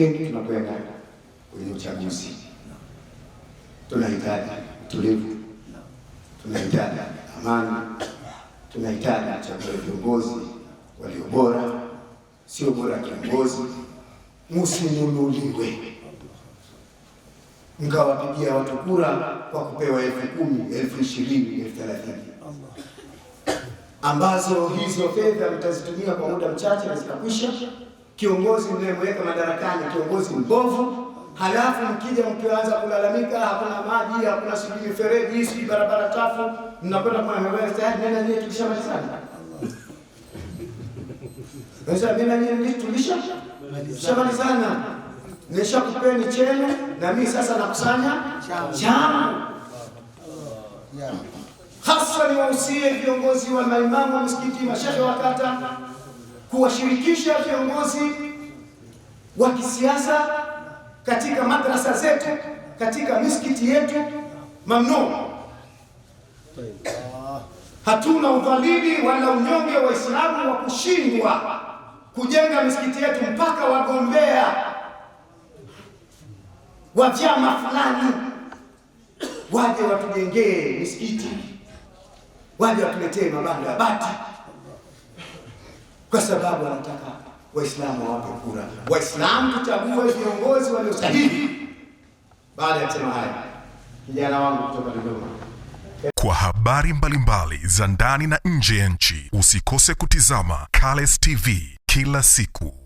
Kenge tunakwenda kwenye uchaguzi, tunahitaji utulivu, tunahitaji amani, tunahitaji kuchagua viongozi walio bora, sio bora kiongozi. Msinunuliwe mkawapigia watu kura kwa kupewa elfu kumi, elfu ishirini, elfu thelathini ambazo hizo fedha mtazitumia kwa muda mchache na zitakwisha kiongozi mnayemweka madarakani, kiongozi mbovu. Halafu mkija mkianza kulalamika, hakuna maji, hakuna sijui mifereji, sijui barabara chafu, mnakwenda kwa habari tayari. Nenda nyewe tulishamalizana, sasa nenda nyewe tulisha shamalizana, nishakupeni chenu na mimi sasa nakusanya chama hasa. niwahusie viongozi wa maimamu wa misikiti, mashehe wa kata kuwashirikisha viongozi wa kisiasa katika madrasa zetu, katika misikiti yetu mamno. Hatuna udhalili wala unyonge wa Waislamu wa kushindwa kujenga misikiti yetu mpaka wagombea wa vyama fulani waje watujengee misikiti, waje watuletee mabanda ya bati kwa sababu anataka Waislamu wape kura. Waislamu tuchague viongozi walio sahihi. Baada ya kusema haya, kijana wangu kutoka Dodoma kwa habari mbalimbali za ndani na nje ya nchi, usikose kutizama Cales TV kila siku.